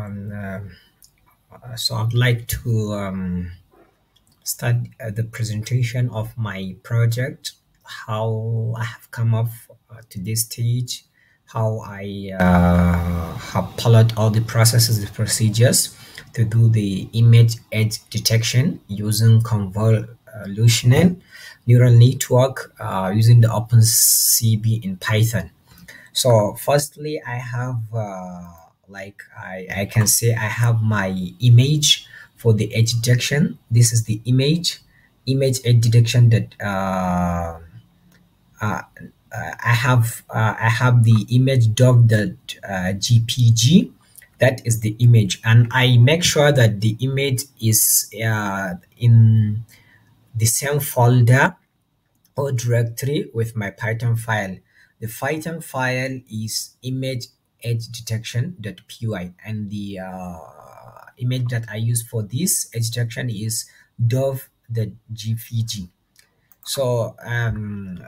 on uh, um, so I'd like to um, start uh, the presentation of my project how I have come up uh, to this stage how I uh, have followed all the processes and procedures to do the image edge detection using convolutional neural network uh, using the OpenCV in Python. So firstly, I have uh, like I, I can say I have my image for the edge detection. This is the image, image edge detection that uh, uh, uh I have. Uh, I have the image dog that GPG. Uh, that is the image, and I make sure that the image is uh, in the same folder or directory with my Python file. The Python file is image edge detection.py and the uh, image that I use for this edge detection is Dove the GVG. So um,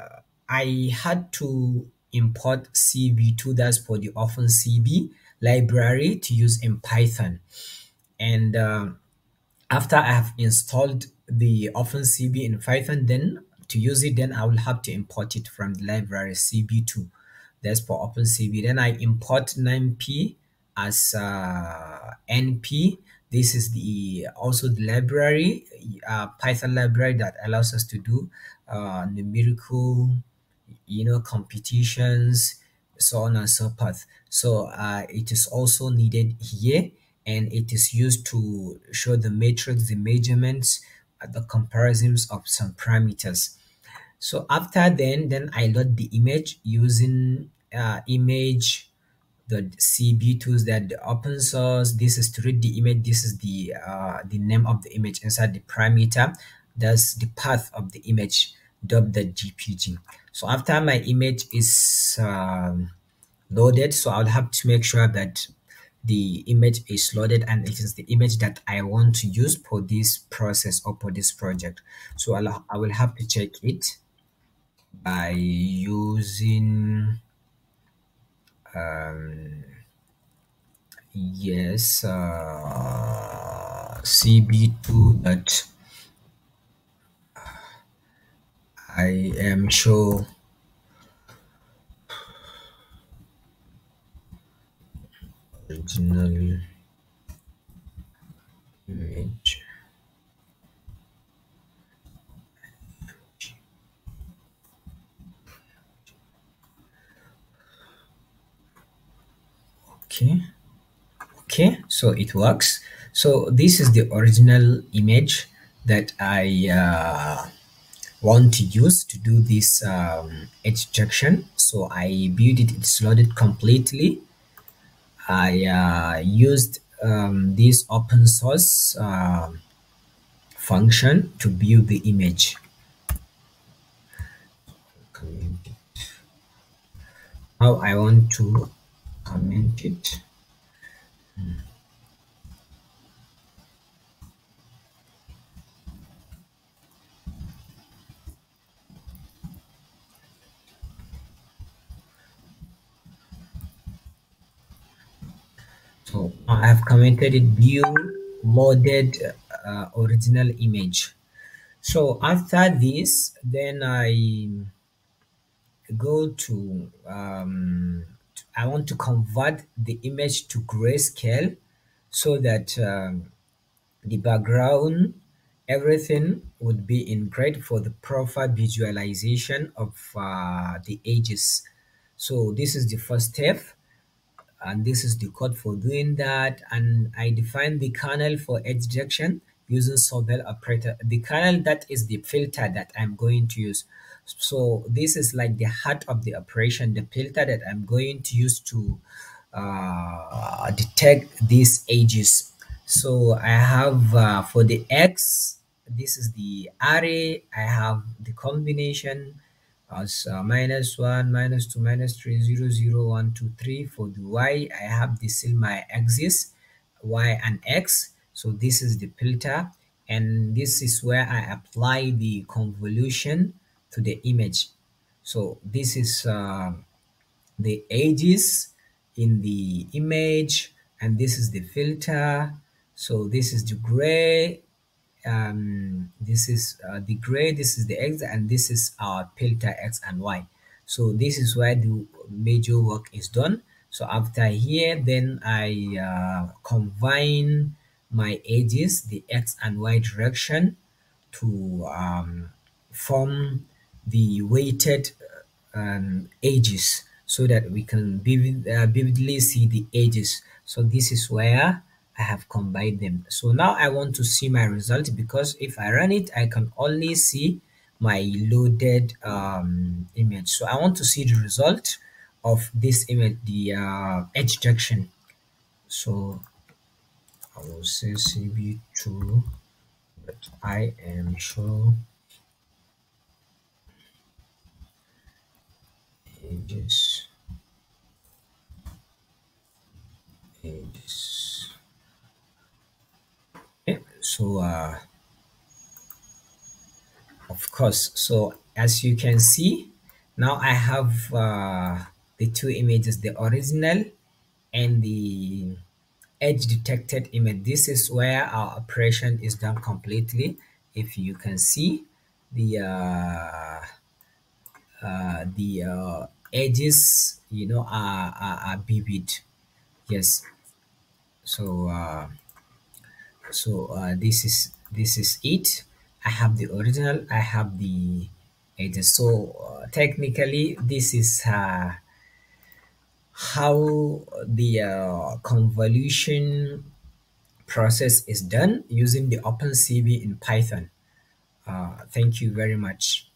I had to import cv 2 that's for the often CV library to use in Python. And uh, after I have installed the often CV in Python, then to use it, then I will have to import it from the library cv 2 that's for OpenCV. Then I import np as uh, NP. This is the also the library, uh, Python library that allows us to do uh, numerical, you know, computations, so on and so forth. So uh, it is also needed here and it is used to show the matrix, the measurements, uh, the comparisons of some parameters so after then then i load the image using uh, image the cb tools that the open source this is to read the image this is the uh, the name of the image inside the parameter that's the path of the image gpg. so after my image is um, loaded so i'll have to make sure that the image is loaded and it is the image that I want to use for this process or for this project. So I'll, I will have to check it by using um, yes uh, cb2 but uh, i am sure originally okay okay so it works so this is the original image that I uh, want to use to do this um, so I built it it's loaded completely I uh, used um, this open source uh, function to build the image how I want to commented so I have commented view loaded uh, original image so after this then I go to um, I want to convert the image to grayscale so that um, the background, everything would be in gray for the proper visualization of uh, the edges. So this is the first step and this is the code for doing that. And I define the kernel for edge detection using Sobel operator, the kernel that is the filter that I'm going to use. So this is like the heart of the operation, the filter that I'm going to use to uh, detect these ages. So I have uh, for the X, this is the array. I have the combination as uh, minus 1, minus 2, minus zero, zero, one, two, three. For the Y, I have the in my axis, Y and X so this is the filter and this is where I apply the convolution to the image so this is uh, the edges in the image and this is the filter so this is the gray um, this is uh, the gray this is the x and this is our filter x and y so this is where the major work is done so after here then i uh, combine my edges, the x and y direction to um, form the weighted um, edges so that we can uh, vividly see the edges. So this is where I have combined them. So now I want to see my result because if I run it, I can only see my loaded um, image. So I want to see the result of this image, the uh, edge direction. So I will say CB true, but I am sure ages ages. Okay, so uh, of course, so as you can see, now I have uh, the two images, the original and the edge detected image this is where our operation is done completely if you can see the uh, uh, the uh, edges you know are, are, are vivid yes so uh, so uh, this is this is it i have the original i have the edges so uh, technically this is uh, how the uh, convolution process is done using the OpenCV in Python. Uh, thank you very much.